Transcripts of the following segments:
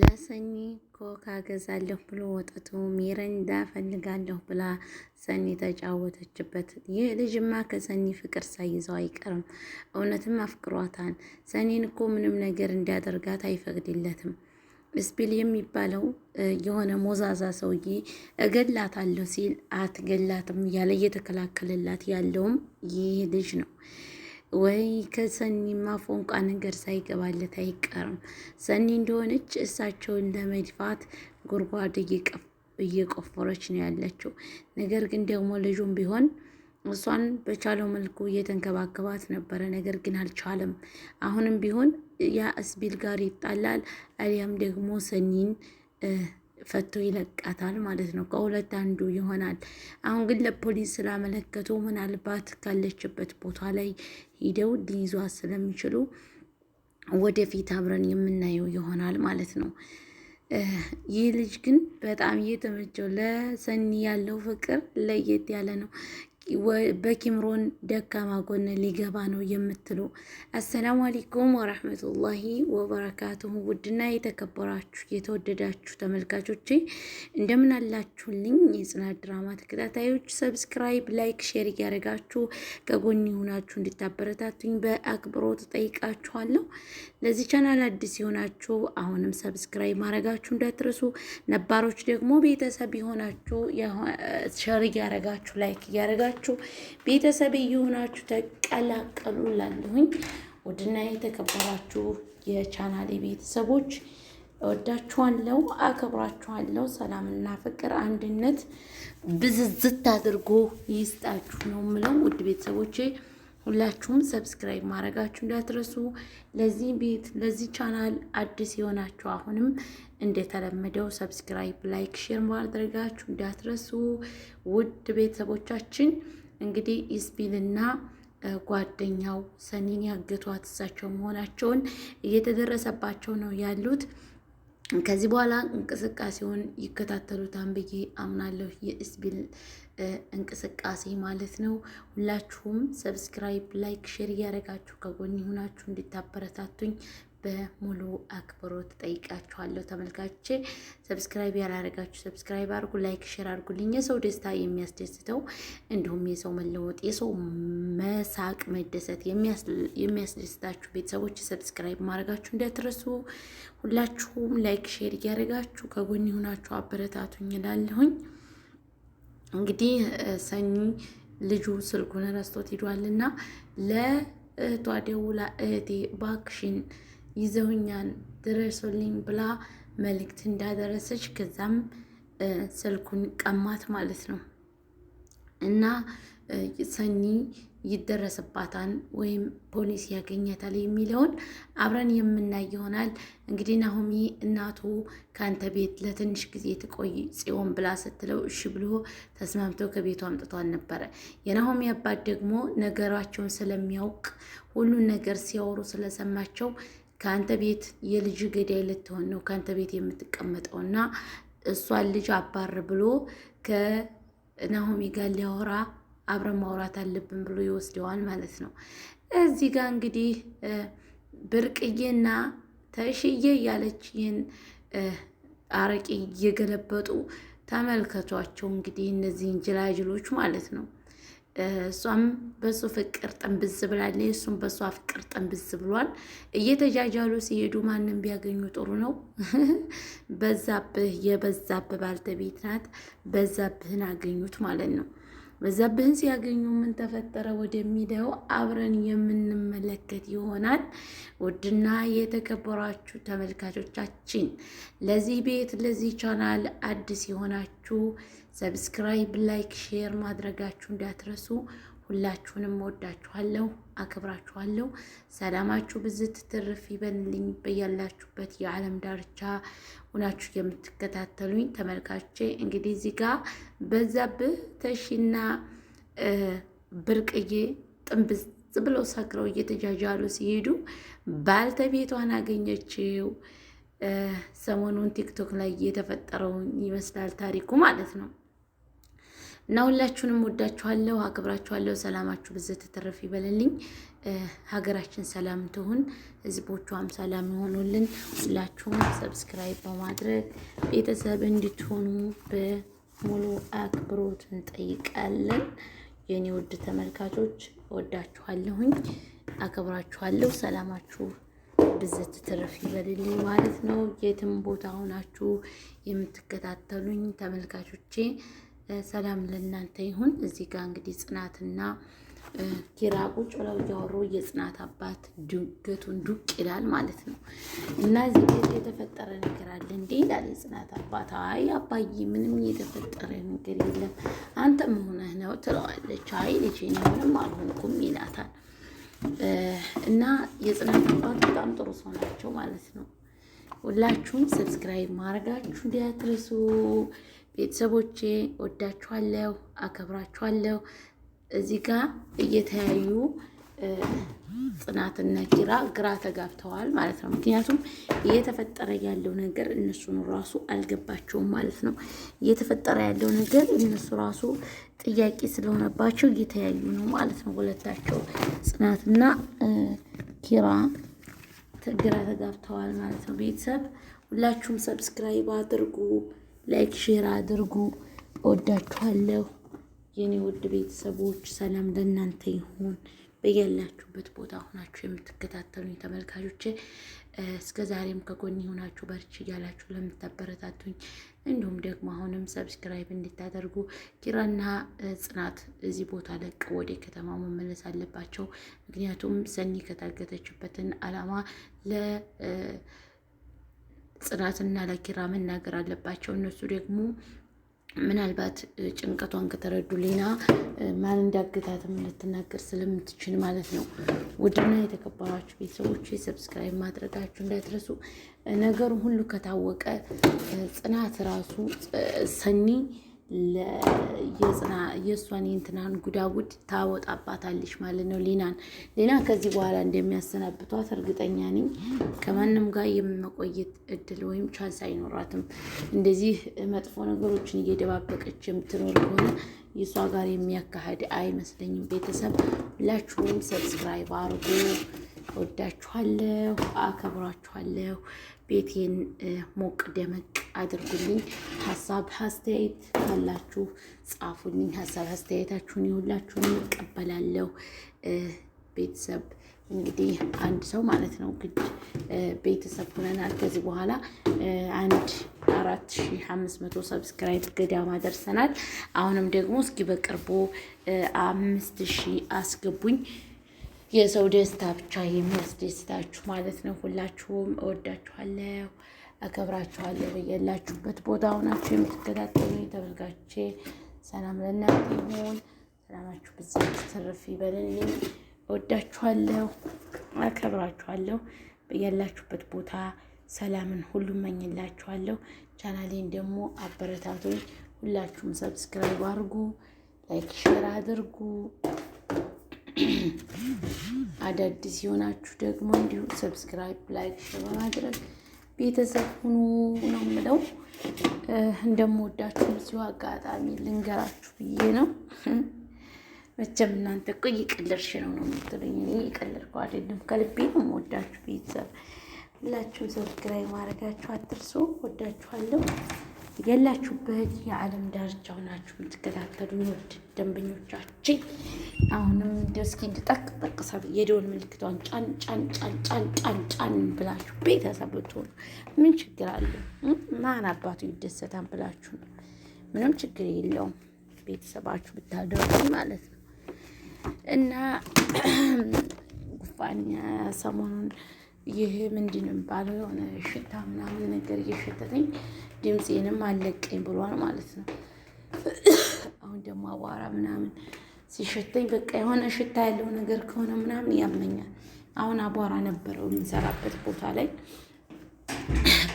ለሰኒ ኮካ ገዛለሁ ብሎ ወጥቶ ሚረንዳ ፈልጋለሁ ብላ ሰኒ ተጫወተችበት። ይህ ልጅማ ከሰኒ ፍቅር ሳይዘው አይቀርም። እውነትም አፍቅሯታል። ሰኒን እኮ ምንም ነገር እንዲያደርጋት አይፈቅድለትም። ስፒል የሚባለው የሆነ ሞዛዛ ሰውዬ እገላታለሁ ሲል አትገላትም እያለ እየተከላከለላት ያለውም ይህ ልጅ ነው። ወይ ከሰኒማ ፎንቃ ነገር ሳይገባለት አይቀርም። ሰኒ እንደሆነች እሳቸውን ለመድፋት ጉድጓድ እየቆፈረች ነው ያለችው። ነገር ግን ደግሞ ልጁም ቢሆን እሷን በቻለው መልኩ እየተንከባከባት ነበረ። ነገር ግን አልቻለም። አሁንም ቢሆን ያ እስቢል ጋር ይጣላል፣ አሊያም ደግሞ ሰኒን ፈቶ ይለቃታል ማለት ነው። ከሁለት አንዱ ይሆናል። አሁን ግን ለፖሊስ ስላመለከቱ ምናልባት ካለችበት ቦታ ላይ ሂደው ሊይዟት ስለሚችሉ ወደፊት አብረን የምናየው ይሆናል ማለት ነው። ይህ ልጅ ግን በጣም እየተመቸው ለሰኒ ያለው ፍቅር ለየት ያለ ነው። በኪምሮን ደካማ ጎን ሊገባ ነው የምትሉ አሰላሙ አሌይኩም ወራህመቱላሂ ወበረካቱሁ። ውድና የተከበራችሁ የተወደዳችሁ ተመልካቾቼ እንደምን አላችሁልኝ? የጽናት ድራማ ተከታታዮች ሰብስክራይብ፣ ላይክ፣ ሼር እያደረጋችሁ ከጎን ሆናችሁ እንድታበረታቱኝ በአክብሮት ጠይቃችኋለሁ። ለዚህ ቻናል አዲስ የሆናችሁ አሁንም ሰብስክራይብ ማድረጋችሁ እንዳትረሱ። ነባሮች ደግሞ ቤተሰብ የሆናችሁ ሸር እያረጋችሁ ላይክ እያረጋችሁ ቤተሰብ እየሆናችሁ ተቀላቀሉ። ላለሁኝ ውድና የተከበራችሁ የቻናል ቤተሰቦች እወዳችኋለሁ፣ አከብራችኋለሁ። ሰላምና ፍቅር፣ አንድነት ብዝዝት አድርጎ ይስጣችሁ ነው ምለው ውድ ቤተሰቦቼ ሁላችሁም ሰብስክራይብ ማድረጋችሁ እንዳትረሱ። ለዚህ ቤት ለዚህ ቻናል አዲስ የሆናችሁ አሁንም እንደተለመደው ሰብስክራይብ፣ ላይክ፣ ሼር ማድረጋችሁ እንዳትረሱ። ውድ ቤተሰቦቻችን እንግዲህ ኢስቢልና ጓደኛው ሰኒን ያገቷት እሳቸው መሆናቸውን እየተደረሰባቸው ነው ያሉት። ከዚህ በኋላ እንቅስቃሴውን ይከታተሉታን ብዬ አምናለሁ የኢስቢል እንቅስቃሴ ማለት ነው። ሁላችሁም ሰብስክራይብ፣ ላይክ፣ ሼር እያደረጋችሁ ከጎን ሆናችሁ እንድታበረታቱኝ በሙሉ አክብሮት ጠይቃችኋለሁ። ተመልካቼ ሰብስክራይብ ያላረጋችሁ ሰብስክራይብ አድርጉ፣ ላይክ ሼር አድርጉልኝ። የሰው ደስታ የሚያስደስተው እንዲሁም የሰው መለወጥ፣ የሰው መሳቅ፣ መደሰት የሚያስደስታችሁ ቤተሰቦች ሰብስክራይብ ማድረጋችሁ እንዳትረሱ። ሁላችሁም ላይክ ሼር እያደረጋችሁ ከጎን ሆናችሁ አበረታቱኝ እላለሁኝ። እንግዲህ ሰኒ ልጁ ስልኩን ረስቶት ሂዷልና ለእህቷ ደውላ እህቴ ባክሽን ይዘውኛን ድረሶልኝ ብላ መልእክት እንዳደረሰች ከዛም ስልኩን ቀማት ማለት ነው። እና ሰኒ ይደረስባታል ወይም ፖሊስ ያገኘታል የሚለውን አብረን የምናይ ይሆናል። እንግዲህ ናሆሚ እናቱ ከአንተ ቤት ለትንሽ ጊዜ ትቆይ ጽዮን ብላ ስትለው እሺ ብሎ ተስማምቶ ከቤቱ አምጥቷል ነበረ። የናሆሚ አባት ደግሞ ነገራቸውን ስለሚያውቅ ሁሉን ነገር ሲያወሩ ስለሰማቸው ከአንተ ቤት የልጅ ገዳይ ልትሆን ነው ከአንተ ቤት የምትቀመጠውና እሷን ልጅ አባር ብሎ ናሆሚ ጋር ሊያወራ አብረን ማውራት አለብን ብሎ ይወስደዋል ማለት ነው። እዚህ ጋር እንግዲህ ብርቅዬና ተሽዬ ያለች ይህን አረቂ እየገለበጡ ተመልከቷቸው እንግዲህ እነዚህን ጅላጅሎች ማለት ነው። እሷም በሱ ፍቅር ጥንብዝ ብላለች፣ እሱም በእሷ ፍቅር ጥንብዝ ብሏል። እየተጃጃሉ ሲሄዱ ማንም ቢያገኙ ጥሩ ነው። በዛብህ የበዛብህ ባልተቤት ናት። በዛብህን አገኙት ማለት ነው። በዛብህን ሲያገኙ ምን ተፈጠረ ወደሚለው አብረን የምንመለከት ይሆናል። ውድና የተከበራችሁ ተመልካቾቻችን ለዚህ ቤት ለዚህ ቻናል አዲስ የሆናችሁ ሰብስክራይብ፣ ላይክ፣ ሼር ማድረጋችሁ እንዳትረሱ። ሁላችሁንም ወዳችኋለሁ፣ አክብራችኋለሁ። ሰላማችሁ ብዝት ትርፍ ይበልልኝ። በያላችሁበት የዓለም ዳርቻ ሁናችሁ የምትከታተሉኝ ተመልካቼ እንግዲህ እዚህ ጋር በዛብህ ተሺና ብርቅዬ ጥንብዝ ብለው ሰክረው እየተጃጃሉ ሲሄዱ ባልተቤቷን አገኘችው። ሰሞኑን ቲክቶክ ላይ የተፈጠረውን ይመስላል ታሪኩ ማለት ነው። እና ሁላችሁንም ወዳችኋለሁ፣ አክብራችኋለሁ። ሰላማችሁ ብዘት ትርፍ ይበልልኝ። ሀገራችን ሰላም ትሁን፣ ህዝቦቿም ሰላም ይሆኑልን። ሁላችሁም ሰብስክራይብ በማድረግ ቤተሰብ እንድትሆኑ በሙሉ አክብሮት እንጠይቃለን። የኔ ውድ ተመልካቾች ወዳችኋለሁኝ፣ አክብራችኋለሁ። ሰላማችሁ ብዝት ትርፍ ይበልልኝ ማለት ነው። የትም ቦታ ሆናችሁ የምትከታተሉኝ ተመልካቾቼ ሰላም ለእናንተ ይሁን። እዚህ ጋር እንግዲህ ጽናትና ኪራ ቁጭ ብለው እያወሩ የጽናት አባት ድንገቱን ዱቅ ይላል ማለት ነው። እና እዚህ ቤት የተፈጠረ ነገር አለ እንዴ ይላል የጽናት አባት። አይ አባዬ፣ ምንም የተፈጠረ ነገር የለም አንተ መሆነህ ነው ትለዋለች። አይ ልጄ፣ ምንም አልሆንኩም ይላታል። እና የጽናት አባት በጣም ጥሩ ሰው ናቸው ማለት ነው። ሁላችሁም ሰብስክራይብ ማድረጋችሁ እንዳትረሱ። ቤተሰቦቼ ወዳችኋለሁ፣ አከብራችኋለሁ። እዚህ ጋር እየተያዩ ጽናትና ኪራ ግራ ተጋብተዋል ማለት ነው። ምክንያቱም እየተፈጠረ ያለው ነገር እነሱን ራሱ አልገባቸውም ማለት ነው። እየተፈጠረ ያለው ነገር እነሱ ራሱ ጥያቄ ስለሆነባቸው እየተያዩ ነው ማለት ነው። ሁለታቸው ጽናትና ኪራ ግራ ተጋብተዋል ማለት ነው። ቤተሰብ ሁላችሁም ሰብስክራይብ አድርጉ። ላይክ ሼር አድርጉ። ወዳችኋለሁ የኔ ውድ ቤተሰቦች፣ ሰላም ለእናንተ ይሁን በያላችሁበት ቦታ ሆናችሁ የምትከታተሉኝ ተመልካቾች እስከ ዛሬም ከጎን ሆናችሁ በርች እያላችሁ ለምታበረታቱኝ እንዲሁም ደግሞ አሁንም ሰብስክራይብ እንድታደርጉ ኪራና ጽናት እዚህ ቦታ ለቅ ወደ ከተማ መመለስ አለባቸው። ምክንያቱም ሰኒ ከታገተችበትን አላማ ለ ጽናትና ለኪራ መናገር አለባቸው። እነሱ ደግሞ ምናልባት ጭንቀቷን ከተረዱ ሌና ማን እንዳገታትም ልትናገር ስለምትችል ማለት ነው። ውድና የተከበራችሁ ቤተሰቦች ሰብስክራይብ ማድረጋችሁ እንዳትረሱ። ነገሩ ሁሉ ከታወቀ ጽናት ራሱ ሰኒ የእሷን የእንትናን ጉዳጉድ ታወጣባታለች ማለት ነው። ሊናን ሊና ከዚህ በኋላ እንደሚያሰናብቷት እርግጠኛ ነኝ። ከማንም ጋር የመቆየት እድል ወይም ቻንስ አይኖራትም። እንደዚህ መጥፎ ነገሮችን እየደባበቀች የምትኖር ከሆነ የእሷ ጋር የሚያካሂድ አይመስለኝም። ቤተሰብ ሁላችሁም ሰብስክራይብ አርጎ ወዳችኋለሁ፣ አከብሯችኋለሁ። ቤቴን ሞቅ ደመቅ አድርጉልኝ። ሀሳብ አስተያየት ካላችሁ ጻፉልኝ። ሀሳብ አስተያየታችሁን የሁላችሁን እቀበላለሁ። ቤተሰብ እንግዲህ አንድ ሰው ማለት ነው ግድ ቤተሰብ ሆነናል። ከዚህ በኋላ አንድ አራት ሺህ አምስት መቶ ሰብስክራይብ ገዳማ ደርሰናል። አሁንም ደግሞ እስኪ በቅርቡ አምስት ሺህ አስገቡኝ። የሰው ደስታ ብቻ የሚያስደስታችሁ ማለት ነው። ሁላችሁም እወዳችኋለሁ፣ አከብራችኋለሁ። በያላችሁበት ቦታ ሆናችሁ የምትከታተሉ ተመልካቾቼ ሰላም ለእናንተ ይሁን። ሰላማችሁ ብዛት ትርፍ ይበልልኝ። እወዳችኋለሁ፣ አከብራችኋለሁ። በያላችሁበት ቦታ ሰላምን ሁሉ መኝላችኋለሁ። ቻናሌን ደግሞ አበረታቶች ሁላችሁም ሰብስክራይብ አድርጉ፣ ላይክ ሼር አድርጉ። አዳዲስ የሆናችሁ ደግሞ እንዲሁ ሰብስክራይብ፣ ላይክ በማድረግ ቤተሰብ ሁኑ ነው የምለው። እንደምወዳችሁ እዚሁ አጋጣሚ ልንገራችሁ ብዬ ነው። መቼም እናንተ እኮ እየቀለድሽ ነው ነው የምትሉኝ። እኔ እየቀለድኩ አይደለም፣ ከልቤ ነው የምወዳችሁ ቤተሰብ። ሁላችሁም ሰብስክራይብ ማድረጋችሁ አትርሱ። ወዳችኋለሁ። የላችሁበት የዓለም ዳርቻ ሆናችሁ የምትከታተሉ ውድ ደንበኞቻችን አሁንም እስኪ እንድጠቅ ጠቅሰብ የደወል ምልክቷን ጫን ጫን ጫን ጫን ጫን ጫን ብላችሁ ቤተሰብ ብትሆኑ ምን ችግር አለ? ማን አባቱ ይደሰታን ብላችሁ ነው። ምንም ችግር የለውም። ቤተሰባችሁ ብታደርጉ ማለት ነው እና ጉፋኛ ሰሞኑን ይህ ምንድን የሆነ ሽታ ምናምን ነገር እየሸተተኝ ድምፄንም አለቀኝ ብሏል ማለት ነው። አሁን ደግሞ አቧራ ምናምን ሲሸተኝ በቃ የሆነ ሽታ ያለው ነገር ከሆነ ምናምን ያመኛል። አሁን አቧራ ነበረው የምንሰራበት ቦታ ላይ።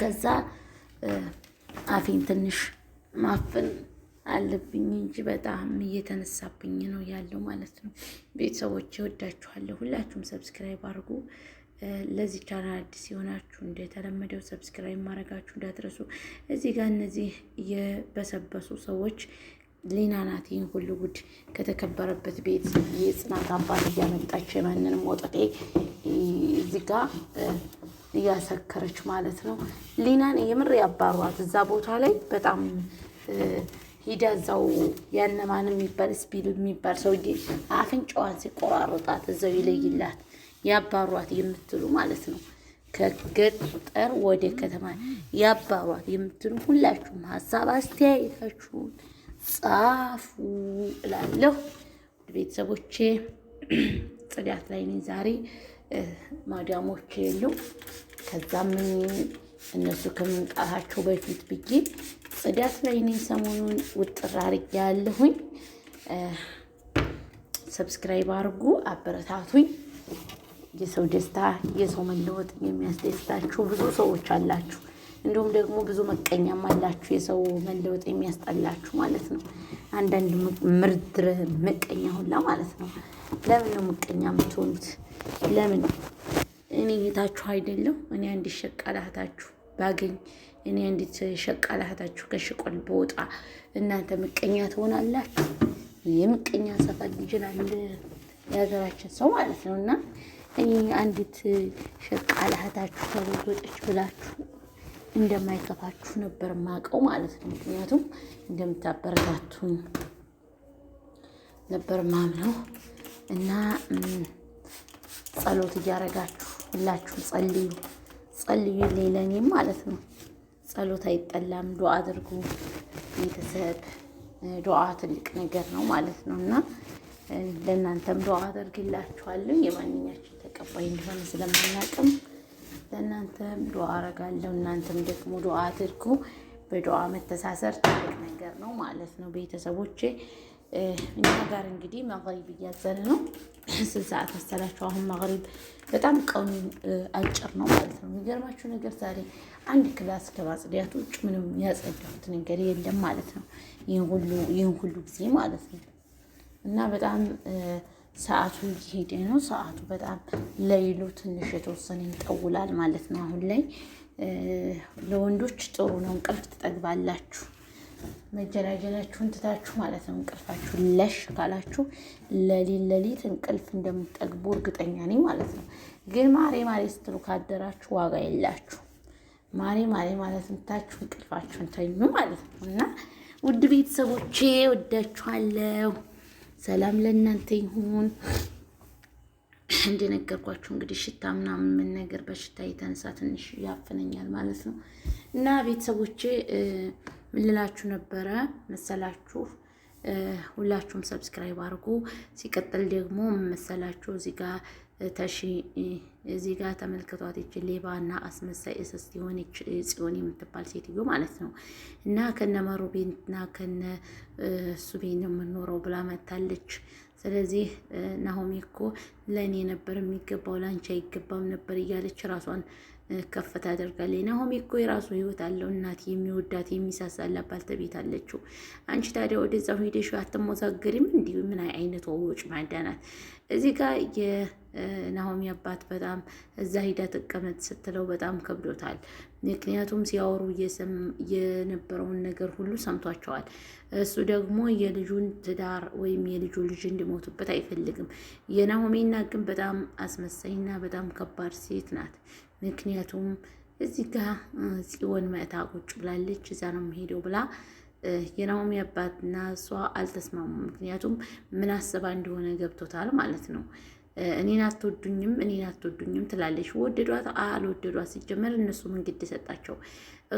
ከዛ አፌን ትንሽ ማፍን አለብኝ እንጂ በጣም እየተነሳብኝ ነው ያለው ማለት ነው። ቤተሰቦች ወዳችኋለሁ። ሁላችሁም ሰብስክራይብ አድርጉ። ለዚህ ቻናል አዲስ የሆናችሁ እንደተለመደው ሰብስክራይብ ማድረጋችሁ እንዳትረሱ። እዚህ ጋር እነዚህ የበሰበሱ ሰዎች ሊና ናት ይህን ሁሉ ጉድ ከተከበረበት ቤት የጽናት አባት እያመጣች የማንንም ወጠጤ እዚህ ጋር እያሰከረች ማለት ነው። ሊናን የምር ያባሯት እዛ ቦታ ላይ በጣም ሂዳ እዛው ያነማን የሚባል ስፒድ የሚባል ሰውዬ አፍንጫዋን ሲቆራርጣት እዛው ይለይላት። ያባሯት የምትሉ ማለት ነው ከገጠር ወደ ከተማ ያባሯት የምትሉ ሁላችሁም ሀሳብ አስተያየታችሁን ጻፉ እላለሁ። ቤተሰቦቼ ጽዳት ላይ ነኝ ዛሬ ማዳሞች የሉ ከዛም እነሱ ከመምጣታቸው በፊት ብዬ ጽዳት ላይ ነኝ። ሰሞኑን ውጥር አርጌ ያለሁኝ። ሰብስክራይብ አድርጉ፣ አበረታቱኝ። የሰው ደስታ የሰው መለወጥ የሚያስደስታችሁ ብዙ ሰዎች አላችሁ። እንዲሁም ደግሞ ብዙ መቀኛም አላችሁ፣ የሰው መለወጥ የሚያስጠላችሁ ማለት ነው። አንዳንድ ምርድር መቀኛ ሁላ ማለት ነው። ለምን ነው መቀኛ የምትሆኑት? ለምን እኔ እህታችሁ አይደለም? እኔ አንድ ሸቃላ ባገኝ እኔ አንዲት ሸቃላህታችሁ ከሽቆል በወጣ እናንተ ምቀኛ ትሆናላችሁ? የምቀኛ ሰፈር ልጅ የሀገራችን ሰው ማለት ነው እና እኔ አንዲት ሸቃላ እህታችሁ ተጎዶጠች ብላችሁ እንደማይከፋችሁ ነበር ማቀው ማለት ነው። ምክንያቱም እንደምታበረታቱኝ ነበር ማምነው እና ጸሎት እያረጋችሁ ሁላችሁም ጸልዩ ጸልዩ ሌለኔም ማለት ነው። ጸሎት አይጠላም። ዱዓ አድርጉ ቤተሰብ። ዱዓ ትልቅ ነገር ነው ማለት ነው እና ለእናንተም ዱዓ አደርግላችኋለሁ። የማንኛችን ተቀባይ እንደሆነ ስለማናቅም ለእናንተም ዱዓ አረጋለሁ። እናንተም ደግሞ ዱዓ አድርጉ። በዱዓ መተሳሰር ትልቅ ነገር ነው ማለት ነው። ቤተሰቦቼ እኛ ጋር እንግዲህ መግሪብ እያዘን ነው። ስንት ሰዓት መሰላችሁ? አሁን መግሪብ በጣም ቀኑ አጭር ነው ማለት ነው። የሚገርማችሁ ነገር ዛሬ አንድ ክላስ ከማጽዳት ውጭ ምንም ያጸዳሁት ነገር የለም ማለት ነው። ይህን ሁሉ ጊዜ ማለት ነው። እና በጣም ሰዓቱ እየሄደ ነው። ሰዓቱ በጣም ለይሉ ትንሽ የተወሰነ ይጠውላል ማለት ነው። አሁን ላይ ለወንዶች ጥሩ ነው። እንቅልፍ ትጠግባላችሁ። መጀላጀላችሁን ትታችሁ ማለት ነው። እንቅልፋችሁ ለሽ ካላችሁ ለሊት ለሊት እንቅልፍ እንደምትጠግቡ እርግጠኛ ነኝ ማለት ነው። ግን ማሬ ማሬ ስትሉ ካደራችሁ ዋጋ የላችሁ። ማሬ ማሬ ማለት ምታችሁ እንቅልፋችሁን ተኙ ማለት ነው እና ውድ ቤተሰቦቼ ወዳችኋለሁ። ሰላም ለእናንተ ይሁን። እንደነገርኳችሁ እንግዲህ ሽታ ምናምን ነገር በሽታ የተነሳ ትንሽ ያፍነኛል ማለት ነው። እና ቤተሰቦቼ ምን ልላችሁ ነበረ መሰላችሁ? ሁላችሁም ሰብስክራይብ አድርጉ። ሲቀጥል ደግሞ መሰላችሁ እዚህ ጋር ተሺ እዚህ ጋር ተመልክቷት ይች ሌባና አስመሳይ እስስት የሆነች ጽዮን የምትባል ሴትዮ ማለት ነው። እና ከነ መሮቤንና ከነ ነው የምኖረው ብላ መታለች። ስለዚህ ናሆሚ እኮ ለእኔ ነበር የሚገባው ለአንቺ አይገባም ነበር እያለች ራሷን ከፍት ታደርጋለች። ናሆሜ እኮ የራሱ ህይወት አለው፣ እናት የሚወዳት የሚሳሳላት ባልተ ቤት አለችው። አንቺ ታዲያ ወደዛው ሂደሽ አትሞዛገሪም? እንዲሁ ምን አይነት ወጭ ማዳናት። እዚህ ጋር የናሆሜ አባት በጣም እዛ ሂዳ ተቀመጥ ስትለው በጣም ከብዶታል። ምክንያቱም ሲያወሩ የነበረውን ነገር ሁሉ ሰምቷቸዋል። እሱ ደግሞ የልጁን ትዳር ወይም የልጁ ልጅ እንዲሞቱበት አይፈልግም። የናሆሜ እናት ግን በጣም አስመሳይና በጣም ከባድ ሴት ናት። ምክንያቱም እዚህ ጋ ጽዮን መእታ ቁጭ ብላለች፣ እዛ ነው የምሄደው ብላ የናኦሚ አባትና እሷ አልተስማሙም። ምክንያቱም ምን አስባ እንደሆነ ገብቶታል ማለት ነው። እኔን አትወዱኝም፣ እኔን አትወዱኝም ትላለች። ወደዷት አልወደዷት ሲጀመር እነሱ ምን ግድ ሰጣቸው?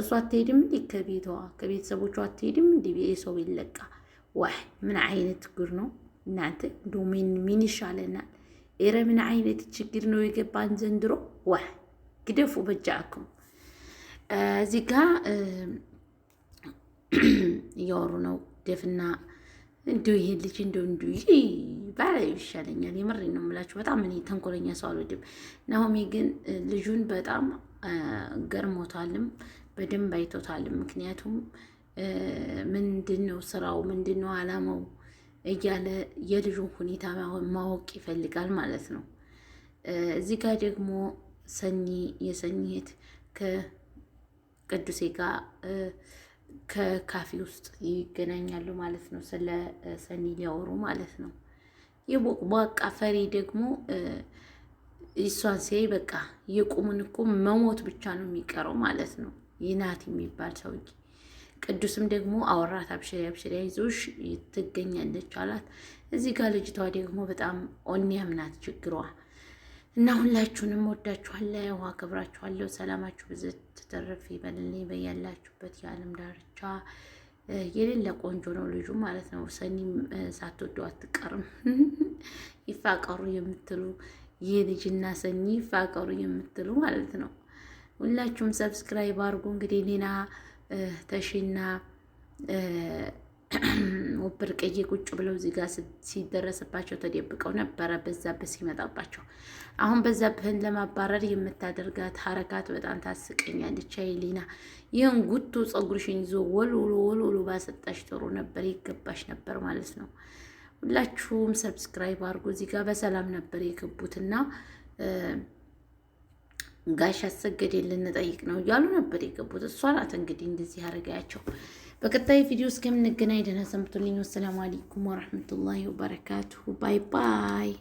እሷ አትሄድም እንዲ ከቤቷ ከቤተሰቦቿ አትሄድም እንዲ የሰው ይለቃ ዋህ ምን አይነት ችግር ነው እናንተ? ዶሜን ምን ይሻለናል? ኤረ ምን አይነት ችግር ነው የገባን ዘንድሮ ዋህ ግደፉ በጃአኩም። እዚህ ጋ እያወሩ ነው ደፍና እንዲሁ ይሄ ልጅ እንዲሁ እንዲሁ ይህ ባላዩ ይሻለኛል። የምሬ ነው የምላችሁ። በጣም እኔ ተንኮለኛ ሰው አልወድም። ናሆሜ ግን ልጁን በጣም ገርሞታልም በደንብ አይቶታልም። ምክንያቱም ምንድን ነው ስራው፣ ምንድን ነው አላማው እያለ የልጁን ሁኔታ ማወቅ ይፈልጋል ማለት ነው። እዚህ ጋር ደግሞ ሰኚ የሰኚሄት ከቅዱሴ ጋር ከካፌ ውስጥ ይገናኛሉ ማለት ነው። ስለ ሰኒ ሊያወሩ ማለት ነው። የቦቅቧቃ ፈሪ ደግሞ እሷን ሲያይ በቃ የቁሙን እኮ መሞት ብቻ ነው የሚቀረው ማለት ነው። ይናት የሚባል ሰውዬ ቅዱስም ደግሞ አወራት። አብሽሪ አብሽሪ ይዞሽ ትገኛለች አላት። እዚህ ጋር ልጅቷ ደግሞ በጣም ኦኒያም ናት ችግሯ እና ሁላችሁንም ወዳችኋለሁ፣ አከብራችኋለሁ። ሰላማችሁ ብዝት ትተረፍ ይበልልኝ በያላችሁበት የዓለም ዳርቻ። የሌለ ቆንጆ ነው ልጁ ማለት ነው። ሰኒም ሳትወዱ አትቀርም። ይፋቀሩ የምትሉ ይህ ልጅና ሰኒ ይፋቀሩ የምትሉ ማለት ነው። ሁላችሁም ሰብስክራይብ አድርጉ። እንግዲህ ሌና ተሽና ብርቅዬ ቁጭ ብለው እዚህ ጋር ሲደረስባቸው ተደብቀው ነበረ። በዛብህ ሲመጣባቸው አሁን በዛብህን ለማባረር የምታደርጋት ሀረካት በጣም ታስቀኛለች። አይሊና ይህን ጉቱ ፀጉርሽን ይዞ ወልውሎ ወልውሎ ባሰጣሽ ጥሩ ነበር፣ ይገባሽ ነበር ማለት ነው። ሁላችሁም ሰብስክራይብ አድርጎ እዚህ ጋር በሰላም ነበር የገቡትና ጋሽ አሰገዴን ልንጠይቅ ነው እያሉ ነበር የገቡት። እሷ ናት እንግዲህ እንደዚህ አረጋያቸው። በቀጣይ ቪዲዮ እስከምንገናኝ ደህና ሰንብቱልኝ። ወሰላሙ አለይኩም ወረህመቱላሂ ወበረካቱሁ። ባይ ባይ።